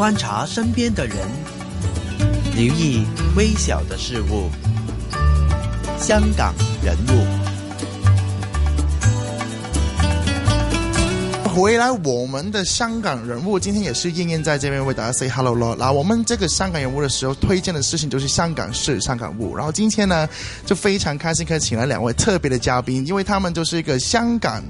觀察身邊的人，留意微小的事物。香港人物，回來我們的香港人物，今天也是燕燕在這邊為大家 say hello 咯。然後我們這個香港人物的時候推薦的事情就是香港事、香港物。然後今天呢，就非常開心可以請來兩位特別的嘉賓，因為他們就是一個香港。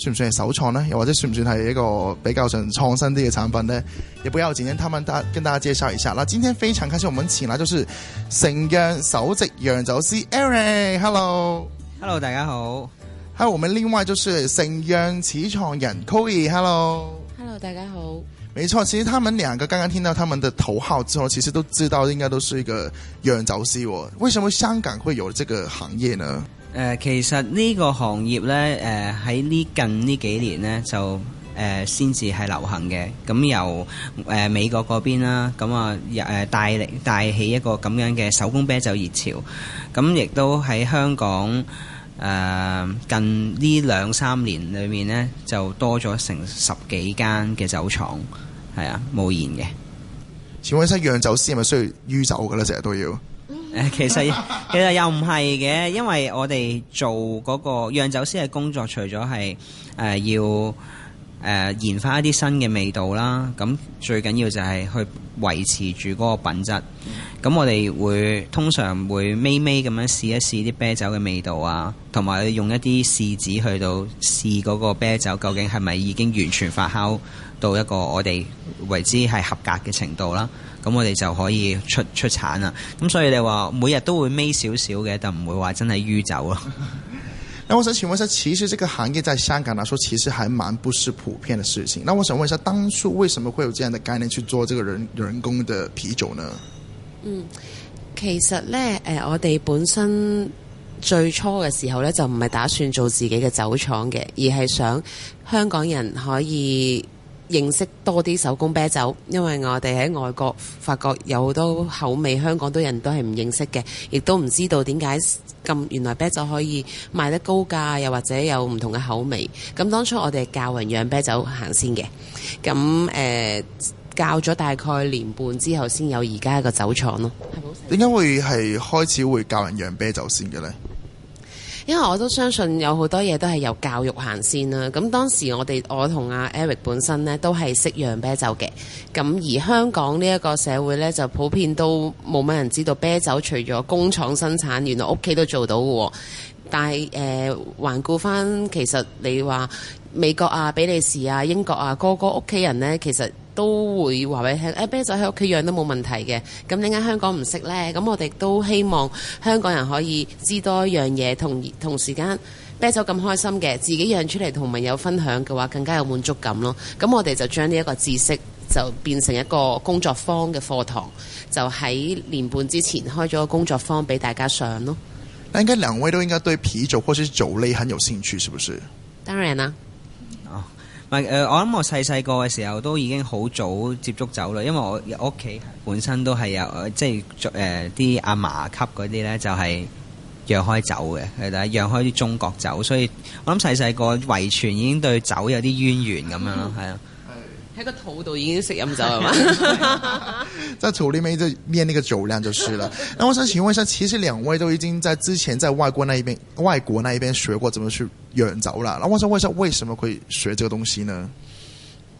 算唔算係首創呢？又或者算唔算係一個比較上創新啲嘅產品呢？亦都要請啲他們大家跟大家介紹一下啦。今天非常開心，我們請來就是成陽首席釀酒師 Eric，Hello，Hello 大家好。Hello，我哋另外就是成陽始創人 Kobe，Hello，Hello 大家好。沒錯，其實他們兩個剛剛聽到他們的頭號之後，其實都知道應該都是一個釀酒師喎。為什麼香港會有這個行業呢？誒、呃、其實呢個行業呢，誒喺呢近呢幾年呢，就誒先至係流行嘅。咁由誒美國嗰邊啦，咁啊誒帶嚟帶起一個咁樣嘅手工啤酒熱潮。咁、呃、亦都喺香港誒、呃、近呢兩三年裏面呢，就多咗成十幾間嘅酒廠，係啊無言嘅。請問一啲釀酒師係咪需要酗酒㗎喇？成日都要。誒， 其實其實又唔係嘅，因為我哋做嗰個釀酒師嘅工作，除咗係誒要。誒研發一啲新嘅味道啦，咁最緊要就係去維持住嗰個品質。咁我哋會通常會眯眯咁樣試一試啲啤酒嘅味道啊，同埋用一啲試紙去到試嗰個啤酒究竟係咪已經完全發酵到一個我哋為之係合格嘅程度啦。咁我哋就可以出出產啦。咁所以你話每日都會眯少少嘅，但唔會話真係酗酒咯。 那我想請問一下，其實這個行業在香港來說，其實還蠻不是普遍的事情。那我想問一下，當初為什麼會有這樣的概念去做這個人人工的啤酒呢？嗯，其實呢，誒、呃，我哋本身最初嘅時候呢，就唔係打算做自己嘅酒廠嘅，而係想香港人可以。認識多啲手工啤酒，因為我哋喺外國發覺有好多口味，香港都人都係唔認識嘅，亦都唔知道點解咁原來啤酒可以賣得高價，又或者有唔同嘅口味。咁當初我哋係教人釀啤酒行先嘅，咁誒、呃、教咗大概年半之後，先有而家個酒廠咯。點解會係開始會教人釀啤酒先嘅呢？因為我都相信有好多嘢都係由教育行先啦。咁當時我哋我同阿 Eric 本身咧都係識釀啤酒嘅。咁而香港呢一個社會呢，就普遍都冇乜人知道啤酒除咗工廠生產，原來屋企都做到嘅。但係誒，環顧翻其實你話美國啊、比利時啊、英國啊，個個屋企人呢，其實。都會話俾佢聽，誒啤酒喺屋企養都冇問題嘅。咁點解香港唔識呢？咁我哋都希望香港人可以知多一樣嘢，同同時間啤酒咁開心嘅，自己養出嚟同朋友分享嘅話，更加有滿足感咯。咁我哋就將呢一個知識就變成一個工作坊嘅課堂，就喺年半之前開咗個工作坊俾大家上咯。那應該兩位都應該對啤酒，或是酒類呢很有興趣，是不是？當然啦。Oh. 唔係誒，我諗我細細個嘅時候都已經好早接觸酒啦，因為我屋企本身都係有，即係誒啲阿嫲級嗰啲咧，就係釀開酒嘅，係啦，釀開啲中國酒，所以我諗細細個遺傳已經對酒有啲淵源咁樣咯，係啊、嗯。喺個肚度已經識飲酒，係嘛？ 在肚裏面就練呢個酒量就是了。那我想請問一下，其實兩位都已經在之前在外國那一邊、外國那一邊學過怎麼去釀酒啦。那我想問一下，為什麼可以學這個東西呢？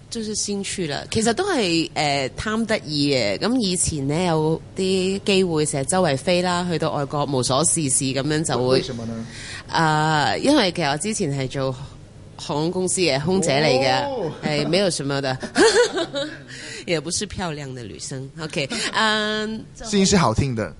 就是興趣啦，其實都係誒貪得意嘅。咁以前呢，有啲機會成日周圍飛啦，去到外國無所事事咁樣就會。為什麼呢？啊、呃，因為其實我之前係做。航空公司嘅空姐嚟嘅，係，oh. 係沒有什麼的。 也不是漂亮的女生，OK，嗯、uh, 很，聲音是好聽的，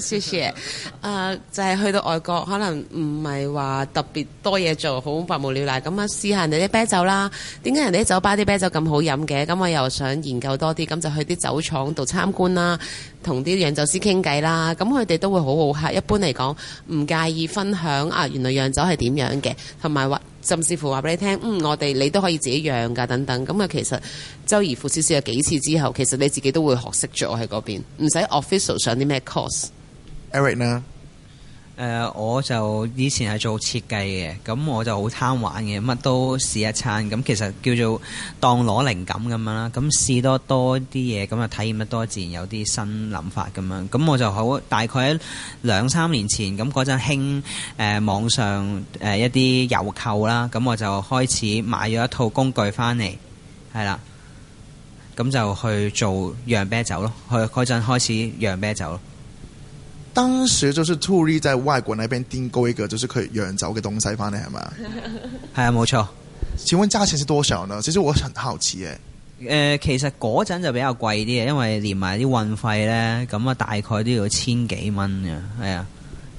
謝謝。啊、uh,，就係去到外國可能唔係話特別多嘢做，好百無聊賴。咁啊，試下你啲啤酒啦，點解人哋啲酒吧啲啤酒咁好飲嘅？咁我又想研究多啲，咁就去啲酒廠度參觀啦，同啲釀酒師傾偈啦。咁佢哋都會好好客，一般嚟講唔介意分享。啊，原來釀酒係點樣嘅？同埋話甚至乎話俾你聽，嗯，我哋你都可以自己釀噶，等等。咁啊，其實周而復少少有幾。幾次之後，其實你自己都會學識咗喺嗰邊，唔使 official 上啲咩 course。Eric 咧，誒，我就以前係做設計嘅，咁我就好貪玩嘅，乜都試一餐。咁其實叫做當攞靈感咁樣啦。咁試多多啲嘢，咁啊體驗得多，自然有啲新諗法咁樣。咁我就好大概喺兩三年前，咁嗰陣興誒網上誒、呃、一啲郵購啦，咁我就開始買咗一套工具翻嚟，係啦。咁就去做釀啤酒咯，去嗰陣開始釀啤酒咯。當時就是 To 利在外國那邊訂購一個，就是佢釀酒嘅東西翻嚟係咪？係 啊，冇錯。請問價錢是多少呢？其實我很好奇嘅。誒、呃，其實嗰陣就比較貴啲嘅，因為連埋啲運費咧，咁啊大概都要千幾蚊嘅，係啊。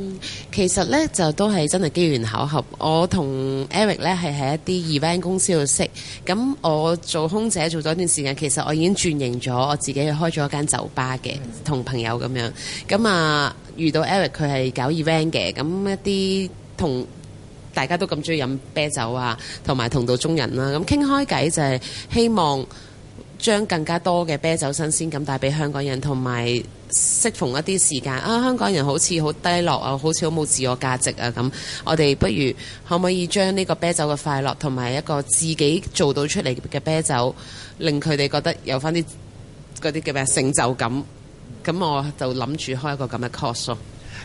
嗯，其實呢，就都係真係機緣巧合，我同 Eric 呢係喺一啲 event 公司度識。咁我做空姐做咗一段時間，其實我已經轉型咗，我自己去開咗間酒吧嘅，同朋友咁樣。咁啊遇到 Eric 佢係搞 event 嘅，咁一啲同大家都咁中意飲啤酒啊，同埋同道中人啦、啊。咁傾開偈就係、係、希望。將更加多嘅啤酒新鮮感帶俾香港人，同埋適逢一啲時間啊，香港人好似好低落啊，好似好冇自我價值啊咁。我哋不如可唔可以將呢個啤酒嘅快樂，同埋一個自己做到出嚟嘅啤酒，令佢哋覺得有返啲嗰啲叫咩成就感？咁我就諗住開一個咁嘅 course 囉。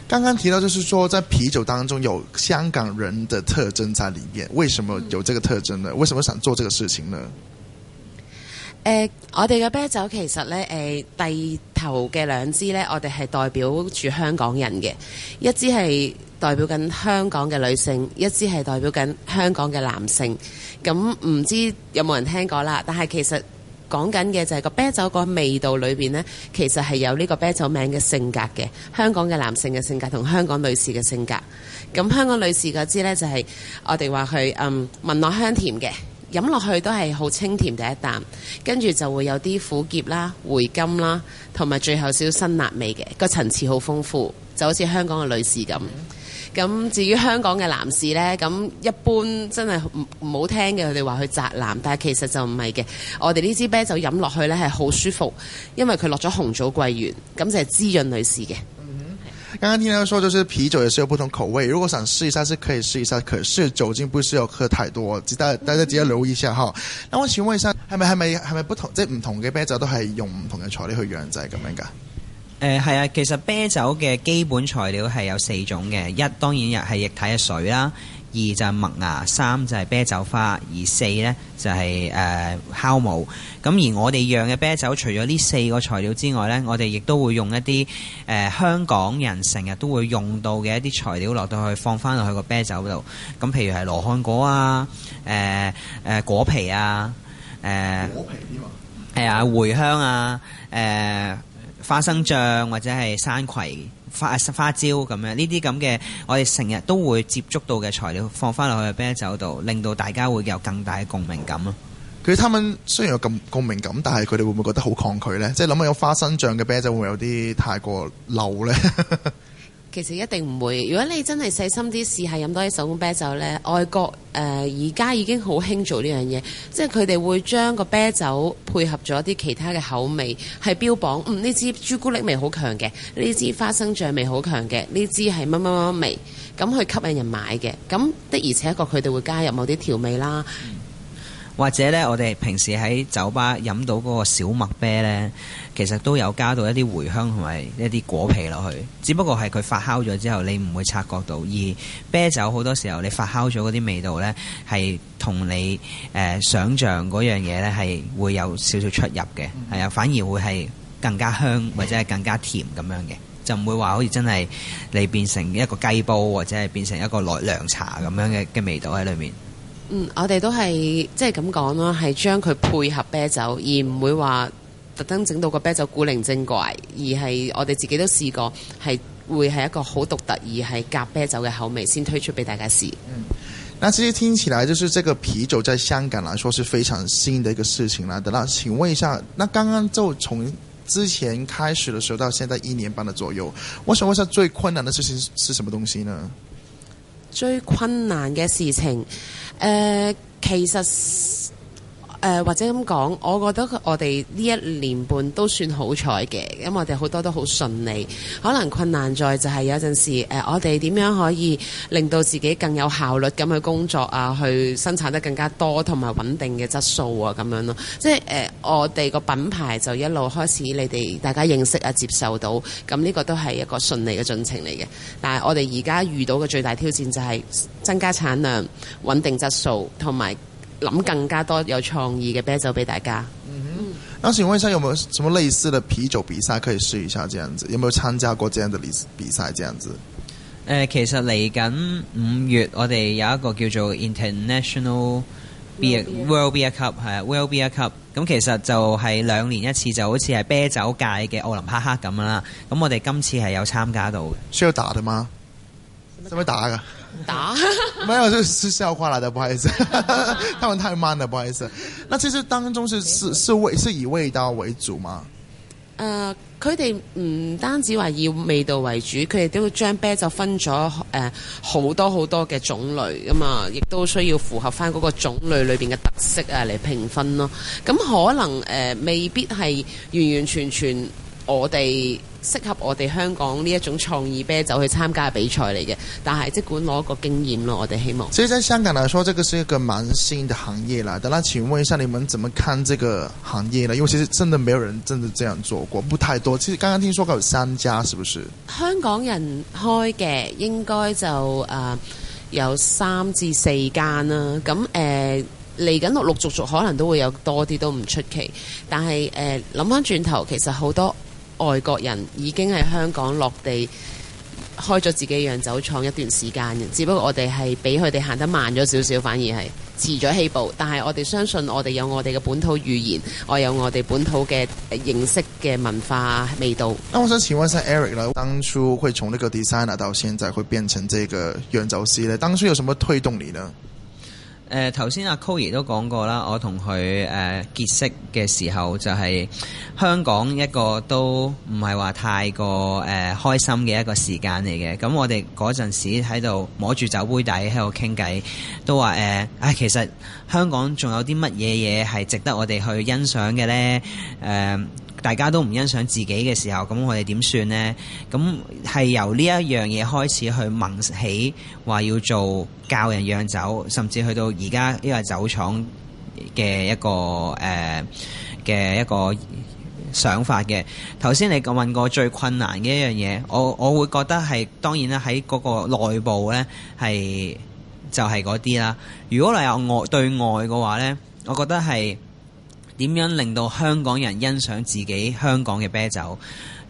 剛剛提到就是說，在啤酒當中有香港人的特徵在裡面，為什麼有這個特徵呢？為什麼想做這個事情呢？誒、呃，我哋嘅啤酒其實呢，誒、呃，第頭嘅兩支呢，我哋係代表住香港人嘅，一支係代表緊香港嘅女性，一支係代表緊香港嘅男性。咁、嗯、唔知有冇人聽過啦？但係其實講緊嘅就係、是、個啤酒個味道裏邊呢，其實係有呢個啤酒名嘅性格嘅，香港嘅男性嘅性格同香港女士嘅性格。咁、嗯、香港女士嗰支呢，就係、是、我哋話佢嗯聞落香甜嘅。飲落去都係好清甜第一啖，跟住就會有啲苦澀啦、回甘啦，同埋最後少少辛辣味嘅，個層次好豐富，就好似香港嘅女士咁。咁、嗯、至於香港嘅男士呢，咁一般真係唔好聽嘅，佢哋話佢宅男，但係其實就唔係嘅。我哋呢支啤酒飲落去呢係好舒服，因為佢落咗紅棗桂圓，咁就係、是、滋潤女士嘅。剛剛聽到說，就是啤酒也是有不同口味，如果想試一下，是可以試一下，可是酒精不需要喝太多，大家大家只要留意一下哈。 那我請問一下，係咪係咪係咪不同即係唔同嘅啤酒都係用唔同嘅材料去釀就係咁樣噶？誒係啊，其實啤酒嘅基本材料係有四種嘅，一當然又係液體嘅水啦。二就係麥芽，三就係啤酒花，而四呢就係誒酵母。咁、呃、而我哋釀嘅啤酒，除咗呢四個材料之外呢，我哋亦都會用一啲誒、呃、香港人成日都會用到嘅一啲材料落到去放翻落去個啤酒度。咁譬如係羅漢果啊、誒、呃、誒、呃、果皮啊、誒、呃、果皮啲嘛？係啊，茴香啊、誒、呃。花生醬或者係山葵、花、啊、花椒咁樣，呢啲咁嘅，我哋成日都會接觸到嘅材料，放翻落去啤酒度，令到大家會有更大嘅共鳴感咯。佢哋聽聞雖然有咁共鳴感，但係佢哋會唔會覺得好抗拒呢？即係諗下有花生醬嘅啤酒會唔會有啲太過漏呢？ 其實一定唔會。如果你真係細心啲試下飲多啲手工啤酒呢，外國誒而家已經好興做呢樣嘢，即係佢哋會將個啤酒配合咗啲其他嘅口味，係標榜嗯，呢支朱古力味好強嘅，呢支花生醬味好強嘅，呢支係乜乜乜味，咁去吸引人買嘅。咁的而且確佢哋會加入某啲調味啦。或者呢，我哋平時喺酒吧飲到嗰個小麥啤呢，其實都有加到一啲茴香同埋一啲果皮落去。只不過係佢發酵咗之後，你唔會察覺到。而啤酒好多時候，你發酵咗嗰啲味道呢，係同你誒、呃、想像嗰樣嘢呢係會有少少出入嘅。係啊，反而會係更加香或者係更加甜咁樣嘅，就唔會話好似真係你變成一個雞煲或者係變成一個涼茶咁樣嘅嘅味道喺裡面。嗯，我哋都係即係咁講啦，係將佢配合啤酒，而唔會話特登整到個啤酒古靈精怪，而係我哋自己都試過，係會係一個好獨特而係夾啤酒嘅口味，先推出俾大家試。嗯，那其實聽起來就是這個啤酒在香港來說是非常新的一個事情啦。等等，請問一下，那剛剛就從之前開始的時候到現在一年半的左右，我想問下最困難的事情是，是什麼東西呢？最困難嘅事情，誒、呃，其實。誒、呃、或者咁講，我覺得我哋呢一年半都算好彩嘅，因為我哋好多都好順利。可能困難在就係有陣時誒、呃，我哋點樣可以令到自己更有效率咁去工作啊，去生產得更加多同埋穩定嘅質素啊咁樣咯。即係誒，我哋個品牌就一路開始你哋大家認識啊，接受到咁呢個都係一個順利嘅進程嚟嘅。但係我哋而家遇到嘅最大挑戰就係增加產量、穩定質素同埋，諗更加多有創意嘅啤酒俾大家。嗯哼。咁請問一下，有冇什麼類似嘅啤酒比賽可以試一下？這樣子，有冇參加過這樣的比賽？這樣子。誒、呃，其實嚟緊五月，我哋有一個叫做 International Beer World Beer Cup，係 World Beer Cup。咁其實就係兩年一次，就好似係啤酒界嘅奧林匹克咁啦。咁我哋今次係有參加到。需要打的嗎？使怎麼打噶？打，沒有，是是笑話來的，不好意思。 他們太慢了，不好意思。那其實當中是是是味是以味道為主嗎？誒、呃，佢哋唔單止話以味道為主，佢哋都會將啤酒分咗誒好多好多嘅種類噶嘛，亦都需要符合翻嗰個種類裏邊嘅特色啊嚟評分咯。咁可能誒、呃、未必係完完全全。我哋適合我哋香港呢一種創意啤酒去參加比賽嚟嘅，但係即管攞一個經驗咯。我哋希望。所以喺香港來說，這個是一個蠻新的行業啦。咁，那請問一下，你們怎麼看這個行業呢？因為其實真的沒有人真的這樣做過，不太多。其實剛剛聽說有三家，是不是？香港人開嘅應該就誒，呃，有三至四間啦，啊。咁誒嚟緊陸陸續續可能都會有多啲，都唔出奇。但係誒諗翻轉頭，其實好多。外國人已經喺香港落地開咗自己釀酒廠一段時間嘅，只不過我哋係比佢哋行得慢咗少少，反而係遲咗起步。但係我哋相信我哋有我哋嘅本土語言，我有我哋本土嘅認識嘅文化味道。我想請問一下 Eric 啦，當初會從呢個 designer 到現在會變成這個釀酒師咧，當初有什麼推動你呢？誒頭先阿 Koy 都講過啦，我同佢誒結識嘅時候就係香港一個都唔係話太過誒、呃、開心嘅一個時間嚟嘅。咁、嗯、我哋嗰陣時喺度摸住酒杯底喺度傾偈，都話誒，唉、呃哎、其實香港仲有啲乜嘢嘢係值得我哋去欣賞嘅呢？呃、誒。大家都唔欣賞自己嘅時候，咁我哋點算呢？咁係由呢一樣嘢開始去萌起，話要做教人釀酒，甚至去到而家呢個酒廠嘅一個誒嘅、呃、一個想法嘅。頭先你問過最困難嘅一樣嘢，我我會覺得係當然啦，喺嗰個內部呢係就係嗰啲啦。如果你有外對外嘅話呢，我覺得係。點樣令到香港人欣賞自己香港嘅啤酒？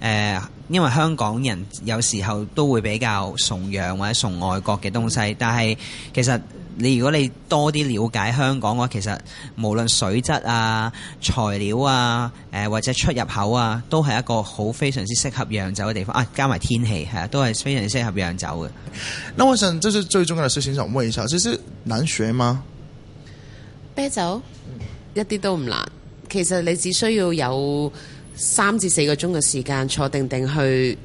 誒、呃，因為香港人有時候都會比較崇洋或者崇外國嘅東西，但係其實你如果你多啲了解香港嘅話，其實無論水質啊、材料啊、誒、呃、或者出入口啊，都係一個好非常之適合釀酒嘅地方。啊，加埋天氣係啊，都係非常之適合釀酒嘅。我想最最、就是、最重要嘅事情想問一下，就是難學嗎？啤酒、嗯、一啲都唔難。其實你只需要有三至四個鐘嘅時間坐定定去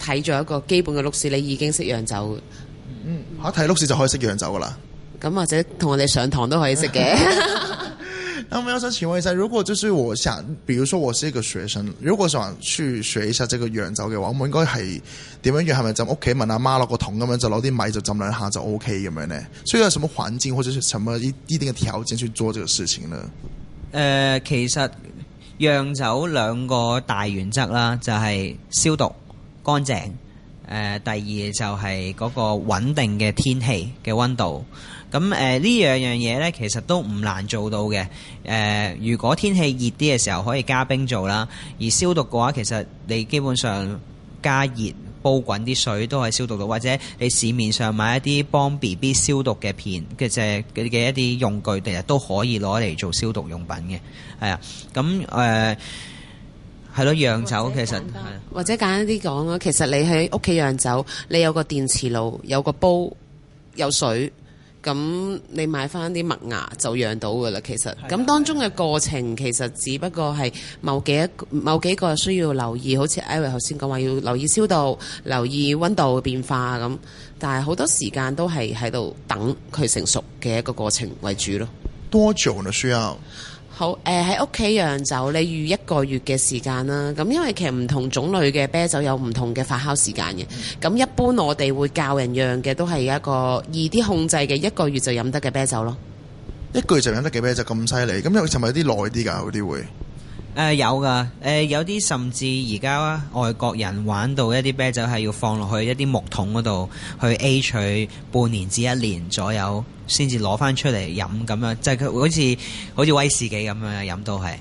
睇咗一個基本嘅綠市，你已經識釀酒嗯。嗯吓睇綠市就可以識釀酒噶啦。咁或者同我哋上堂都可以識嘅。咁我想請問一下，如果就是我想，比如說我是一個學生，如果想去學一下這個釀酒嘅話，我應該係點樣是是媽媽樣？係咪就屋企問阿媽攞個桶咁樣就攞啲米就浸兩下就 OK？咁樣呢？需要有什麼環境或者是什麼一定嘅條件去做呢個事情呢？誒、呃、其實釀酒兩個大原則啦，就係、是、消毒、乾淨。誒、呃、第二就係嗰個穩定嘅天氣嘅溫度。咁誒呢兩樣嘢、呃、呢，其實都唔難做到嘅。誒、呃、如果天氣熱啲嘅時候，可以加冰做啦。而消毒嘅話，其實你基本上加熱。煲滾啲水都係消毒到，或者你市面上買一啲幫 B B 消毒嘅片嘅即係嘅一啲用具，其實都可以攞嚟做消毒用品嘅，係啊，咁誒係咯，釀酒其實或者簡單啲講啊，其實你喺屋企釀酒，你有個電磁爐，有個煲，有水。咁你買翻啲麥芽就養到㗎啦，其實咁的當中嘅過程其實只不過係某幾一某幾個需要留意，好似 Elly 頭先講話要留意消毒、留意溫度嘅變化咁，但係好多時間都係喺度等佢成熟嘅一個過程為主咯。多久呢？需要？好，誒喺屋企釀酒，你預一個月嘅時間啦。咁因為其實唔同種類嘅啤酒有唔同嘅發酵時間嘅。咁、嗯、一般我哋會教人釀嘅都係一個易啲控制嘅一個月就飲得嘅啤酒咯。一個月就飲得嘅啤酒，咁犀利，咁有係咪有啲耐啲㗎？嗰啲會？誒、呃、有㗎，誒、呃、有啲甚至而家啊，外國人玩到一啲啤酒係要放落去一啲木桶度去 age 半年至一年左右，先至攞翻出嚟飲咁樣，即係佢好似好似威士忌咁樣啊，飲到係。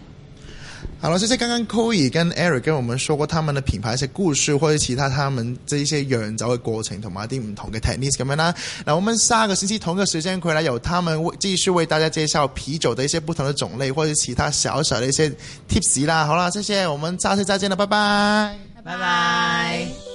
好啦，謝謝剛剛 Coir、e、跟 Eric 跟我們說過他們的品牌一些故事，或者其他他們即係一些釀酒嘅過程，同埋一啲唔同嘅 technics 咁樣啦、啊。那我們下個星期同一個時間會嚟由他們繼續為大家介紹啤酒的一些不同的種類，或者其他小小的一些 tips 啦。好啦，謝謝，我們下次再見啦，拜拜，拜拜。